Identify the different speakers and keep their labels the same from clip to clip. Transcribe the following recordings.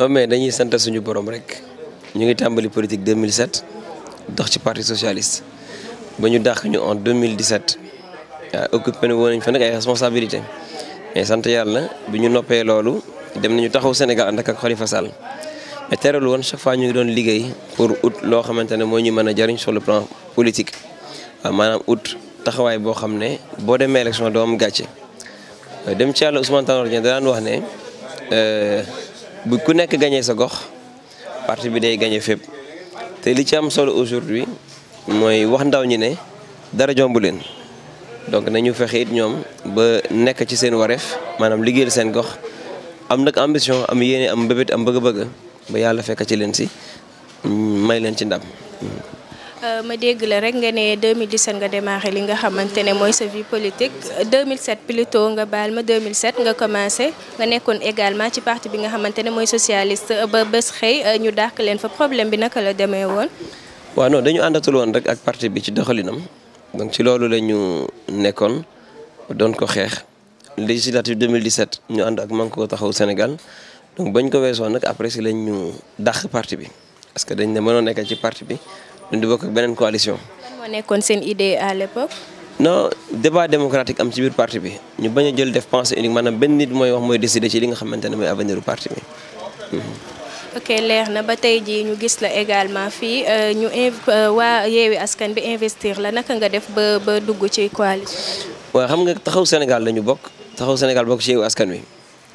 Speaker 1: non ah, mais dañuy sant suñu borom rek ñu ngi tàmbali politique 2007 dox ci parti socialiste ba ñu dàq ñu en 2017 waaw ah, occupé na woon nañ fa nag ay responsabilités mais sant yàlla bi ñu noppee loolu dem nañu taxaw Sénégal ànd ak Khalifa Sall mais terewul woon chaque fois ñu ngi doon liggéey pour ut loo xamante ne moo ñu mën a jariñ sur le plan politique waaw ah, maanaam ut taxawaay boo xam ne boo demee élection doo am gàcce dem ci yàlla Ousmane Tanor Dieng daan wax ne. Euh, bu ku nekk gañee sa gox parti bi day gañe fépp te li ci am solo aujourd'hui mooy wax ndaw ñi ne dara jomb leen donc ñu fexe it ñoom ba nekk ci seen wareef maanaam liggéeyal seen gox am nag ambition am yéene am mbébét am bëgg-bëgg ba yàlla fekk ci leen si may leen ci ndam
Speaker 2: Euh, ma dégg la rek nga ne 2017 nga démarré li nga xamante ne mooy sa vie politique 2007 plutôt nga baal ma 2007 nga commencé nga nekkoon également ci parti bi nga xamante ne mooy socialiste ba bés xëy euh, ñu dàq leen fa problème bi naka la demee woon.
Speaker 1: waaw non dañu àndatul woon rek ak parti bi ci doxalinam donc ci loolu la ñu nekkoon doon ko xeex législative 2017 ñu ànd ak Manko taxaw Sénégal donc bañ ko weesoon nag après si lañ ñu dàq parti bi parce que dañ ne mënoo nekk ci parti bi. di bokk ak beneen coalition.
Speaker 2: lan moo nekkoon seen idée à l'époque.
Speaker 1: non débat démocratique am ci biir parti bi ñu bañ a jël def pensée unique maanaam benn nit mooy wax mooy décider ci li nga xamante ne mooy avenir u parti bi. Mm-hmm.
Speaker 2: ok leer na ba tey jii ñu gis la également fii euh, ñu euh, waa yeewi askan bi investir la naka nga def ba ba dugg ci coalition.
Speaker 1: waaw xam nga taxaw Sénégal la ñu bokk taxaw Sénégal bokk ci yeewi askan wi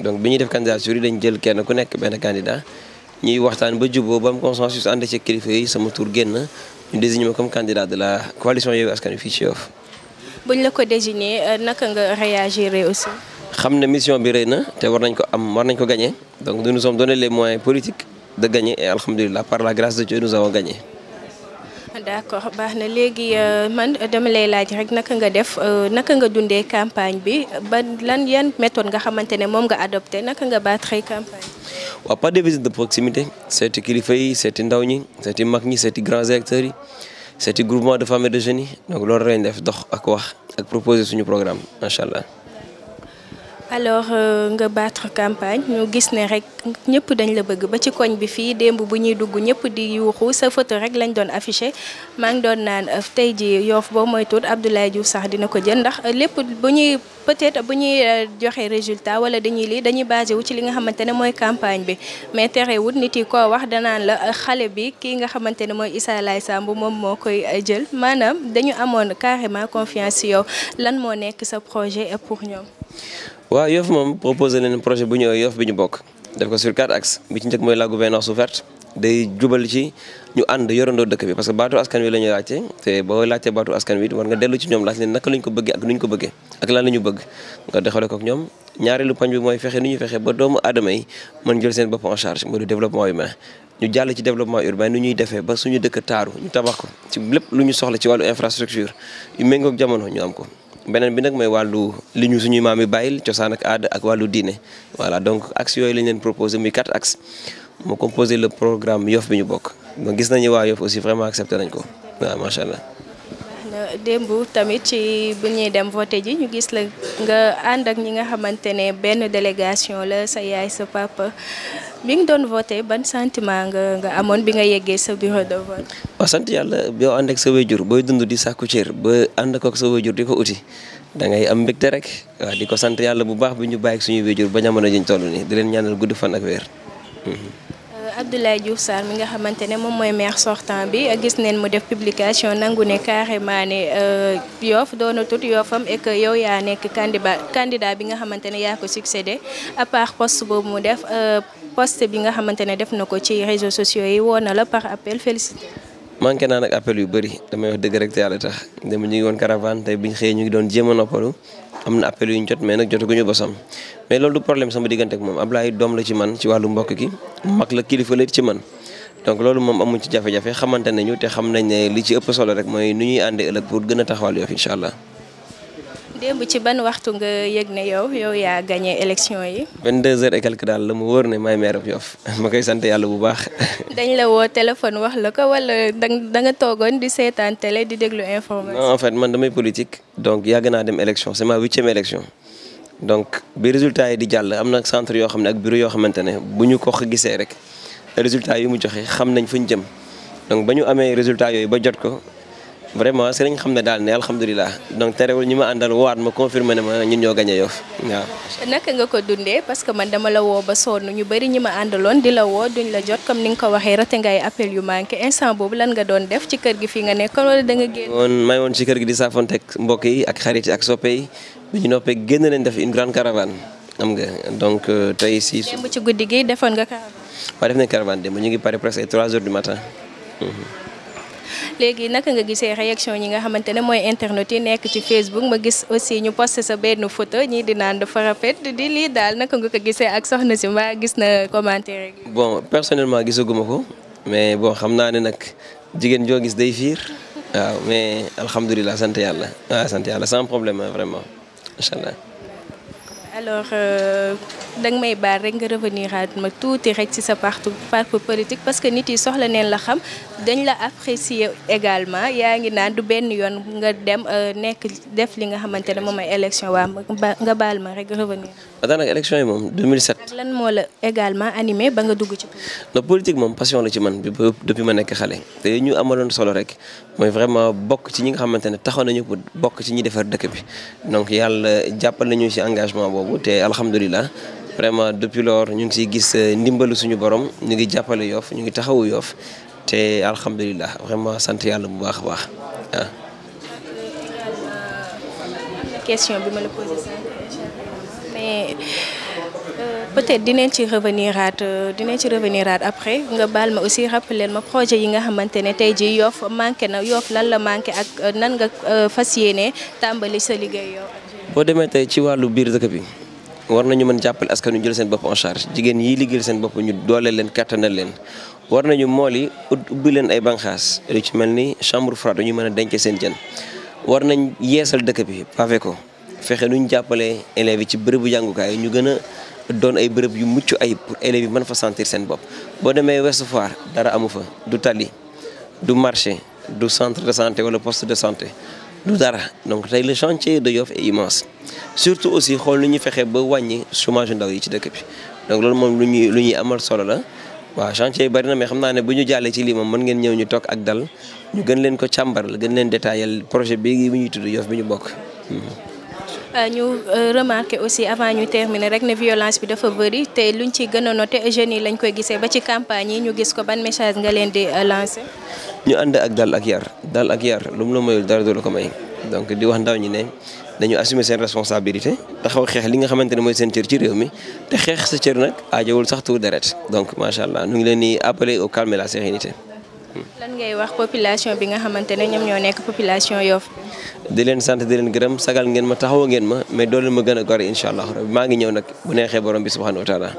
Speaker 1: donc bi ñuy def candidature yi dañ jël kenn ku nekk benn candidat. ñuy waxtaan ba juboo ba am consensus ànd ci kilifa sama tur génn ñu désigné ma comme candidat de la coalition Yewwi Askan Wi fii ci Yoff.
Speaker 2: buñ la ko désigné euh, naka nga réagir aussi.
Speaker 1: xam ne mission bi rey na te war nañ ko am war nañ ko gagné donc nous nous sommes donné les moyens politiques de gagner par la grâce de Dieu nous avons
Speaker 2: d'accord baax na léegi euh, man dama laaj rek naka nga def euh, naka nga dundee campagne bi ba lan yan méthode nga xamante ne moom nga adopté naka nga battre campagne.
Speaker 1: waaw pas de visite de proximité seeti kilifa yi seeti ndaw ñi seeti mag ñi seeti grands acteurs yi seeti groupement de femmes de jeunes yi donc loolu lañ def dox ak wax ak proposer suñu programme macha allah.
Speaker 2: alors euh, nga battre campagne ñu gis ne rek ñëpp dañ la bëgg ba ci koñ bi fii démb bu ñuy dugg ñëpp di yuuxu sa photo rek lañ doon affiché maa ngi doon naan euh, tey ji yoof boo mooy moytuwul Abdoulaye Diouf sax dina ko jël ndax euh, lépp bu ñuy peut-être bu ñuy joxe résultat wala dañuy lii dañuy basé wu ci li nga xamante ne mooy campagne bi mais terewut nit yi ko wax danaan la xale bi kii nga xamante ne mooy Issa Laye Samb moom moo koy jël maanaam dañu amoon carrément confiance ci yow lan moo nekk sa projet pour ñoom.
Speaker 1: waaw Yoff moom proposé leen projet bu ñëwee Yoff bi ñu bokk def ko sur quatre axes bi ci njëkk mooy la gouvernance ouverte day jubal ci ñu ànd yorandoo dëkk bi parce que baatu askan wi la ñuy laajte te boo laajtee baatu askan wi war nga dellu ci ñoom laaj leen naka lañ ko bëggee ak nu ñu ko bëggee ak lan la ñu bëgg nga doxale ko ñoom ñaareelu pañ bi mooy fexe ni ñu fexe ba doomu aadama yi mën jël seen bopp en charge mooy du développement humain ñu jàll ci développement urbain ñuy defee ba suñu dëkk taaru ñu tabax lépp lu ñu soxla ci wàllu infrastructure yu méngoog jamono ñu am ko beneen bi nag mooy wàllu li ñu suñuy maam yi bàyyil cosaan ak aada ak wàllu diine voilà donc axe yooyu lañ leen proposé muy quatre axes moo composé la programme Yoff bi ñu bokk moo gis nañu waa Yoff aussi vraiment accepté nañ ko waaw macha allah.
Speaker 2: démb tamit ci bu ñuy dem voté ji ñu gis la nga ànd ak ñi nga xamante ne benn délégation la sa yaay sa papa. bi nga doon voté ban sentiment nga nga amoon bi nga yeggee sa bureau de vote.
Speaker 1: waaw sant yàlla boo ànd ak sa wéjur booy dund di sàkku cër ba ànd kook sa wéjur di ko uti da ngay am mbégte rek waaw di ko sant yàlla bu baax bi ñu bàyyi suñu wéjur ba jamono jiñ toll nii di leen ñaanal gudd fan ak weer. Mhm.
Speaker 2: Euh, Abdoulaye Diouf Sarr mi nga xamante ne moom mooy maire sortant bi euh, gis neen mu def publication nangu ne carrément ne euh, Yoff doonatul Yoffam et que yow yaa nekk candidat candidat bi nga xamante ne yaa ko succédé à poste bi nga xamante ne def na ko ci réseaux sociaux yi woo na la par appel félicité.
Speaker 1: manqué naa nag appel yu bëri damay wax dëgg rek te yàlla tax dem ñu ngi woon caravane xëyee ñu ngi doon jéem a noppalu am na appel yu ñu jot mais nag jotaguñu bosam mais loolu du problème sama diggante ak moom Ablaye doom la ci man ci wàllu mbokk gi mag la kilifa la ci man donc loolu moom amuñ ci jafe-jafe xamante nañu te xam nañ ne li ci ëpp solo rek mooy nu ñuy àndee ëllëg pour gën a taxawal Yoff incha allah
Speaker 2: démb ci ban waxtu nga yëg ne yow yow yaa gagné élection yi.
Speaker 1: 22 heures et quelque la mu wóor ne maay maire Yoff ma koy sant yàlla bu baax.
Speaker 2: dañ la woo téléphone wax la ko wala da nga toogoon di seetaan télé di déglu information.
Speaker 1: non en fait man damay politique donc yàgg naa dem élection c'est ma huitième élection. donc bi résultat yi di jàll am na centre yoo xam ne ak bureau yoo xamante ne bu ñu ko gisee rek résultat yi mu joxe xam nañ fu ñu jëm donc ba ñu amee résultat yooyu ba jot ko. vraiment sëriñ xam ne daal ne alhamdulilah donc terewul ñi ma àndal waat ma confirmé ne ma ñun ñoo gagné Yoff waaw.
Speaker 2: naka nga ko dundee parce que man dama la woo ba sonn ñu bëri ñi ma àndaloon di la woo duñ la jot comme ni nga ko waxee raté ngay appel yu manqué instant boobu lan nga doon def ci kër gi fii nga nekkoon wala a nga génn.
Speaker 1: woon may woon ci kër gi di saafonteeg mbokk yi ak xarit yi ak soppe yi bu ñu noppee génn leen def une grande caravane am nga donc euh, tey si. démb
Speaker 2: ci guddi gi defoon nga caravane.
Speaker 1: waaw def nañ caravane démb ñu ngi pare presque ay 3 heures du matin. Mhm.
Speaker 2: léegi naka nga gisee réaction ñi nga xamante ne mooy internet yi nekk ci Facebook ma gis aussi ñu posté sa benn photo ñii di naan dafa rafet di lii daal naka nga ko gisee ak soxna si maa gis na commentaire rek.
Speaker 1: bon personnellement gisaguma ko mais bon xam naa ne nag jigéen joo gis day fiir waaw mais alhamdulilah sant yàlla waaw sant yàlla sans problème vraiment incha allah.
Speaker 2: alors euh, danga may baal rek nga revenir at ma tuuti rek ci sa parti parti politique parce que nit yi soxla neen la xam dañ la apprécier également yaa ngi naan du benn yoon nga dem euh, nekk def li nga xamante ne moom ay élection waa nga baal ma rek revenir
Speaker 1: waxtaan ak élection yi moom 2007.
Speaker 2: lan moo la également animé ba nga dugg ci.
Speaker 1: non politique moom passion la ci man bi depuis ma nekk xale te ñu amaloon solo rek mooy vraiment bokk ci ñi nga xamante ne taxaw nañu pour bokk ci ñi defar dëkk bi donc yàlla jàppal nañu ci engagement boobu te alhamdulilah. vraiment depuis lors ñu ngi siy gis euh, ndimbalu suñu borom ñu ngi jàppale yoof ñu ngi taxawu yoof te alxamdulillah vraiment sant yàlla bu baax a baax
Speaker 2: mais euh, peut-être dinañ ci revenir aat euh, dinañ ci revenirat après nga baal ma aussi rappeler ma projet yi nga xamante ne tey jii Yoff manqué na yoof lan la manqué ak euh, nan nga fas yéene tàmbali sa liggéey yow.
Speaker 1: boo demee tey ci wàllu biir dëkk bi war nañu mën jàppale askan wi jël seen bopp en charge jigéen yi liggéey seen bopp ñu dooleel leen kattanal leen. war nañu mool yi ubbi leen ay banqaas lu ci mel ni chambre froide dañu mën a denc seen jën war nañ yeesal dëkk bi pavé ko fexe lu ñu jàppale élèves yi ci bërëbu jàngukaay yi ñu gën a doon ay bërëb yu mucc ay pour élèves yi mën fa sentir seen bopp. boo demee Ouest Foire dara amu fa du tali du marché du centre de santé wala poste de santé du dara donc tey le chantier de Yoff est immense surtout aussi xool nu ñuy fexe ba wàññi chômage ndaw yi ci dëkk bi donc loolu moom lu ñuy lu ñuy amal solo la. waa chantier yi bari na mais xam naa ne bu ñu jàllee ci lii moom man ngeen ñëw ñu toog a dal ñu gën leen ko càmbaral gën leen projet bi bi ñuy tudd Yoff bi ñu bokk hmm.
Speaker 2: Euh, ñu euh, remarqué aussi avant ñu terminer rek ne violence bi dafa bëri te lu luñ ci gën a noté jeunes yi lañ koy gisee ba ci campagne yi ñu gis ko ban message nga leen di euh, lancé.
Speaker 1: ñu ànd ak dal ak yar dal ak yar lu la mayul dara du ko may donc di wax ndaw ñi ne dañu assumer seen responsabilité taxaw xeex li nga xamante ne mooy seen cër ci réew mi te xeex sa cër nag ajawul sax tuur deret donc macha allah ñu ngi leen di appeler au calme et la sérénité.
Speaker 2: lan ngay wax population bi nga xamante ne ñoom ñoo nekk population Yoff.
Speaker 1: di leen sant di leen gërëm sagal ngeen ma taxaw ngeen ma mais doole ma gën a gore incha allah maa ngi ñëw nag bu neexee borom bi subhanahu wa taala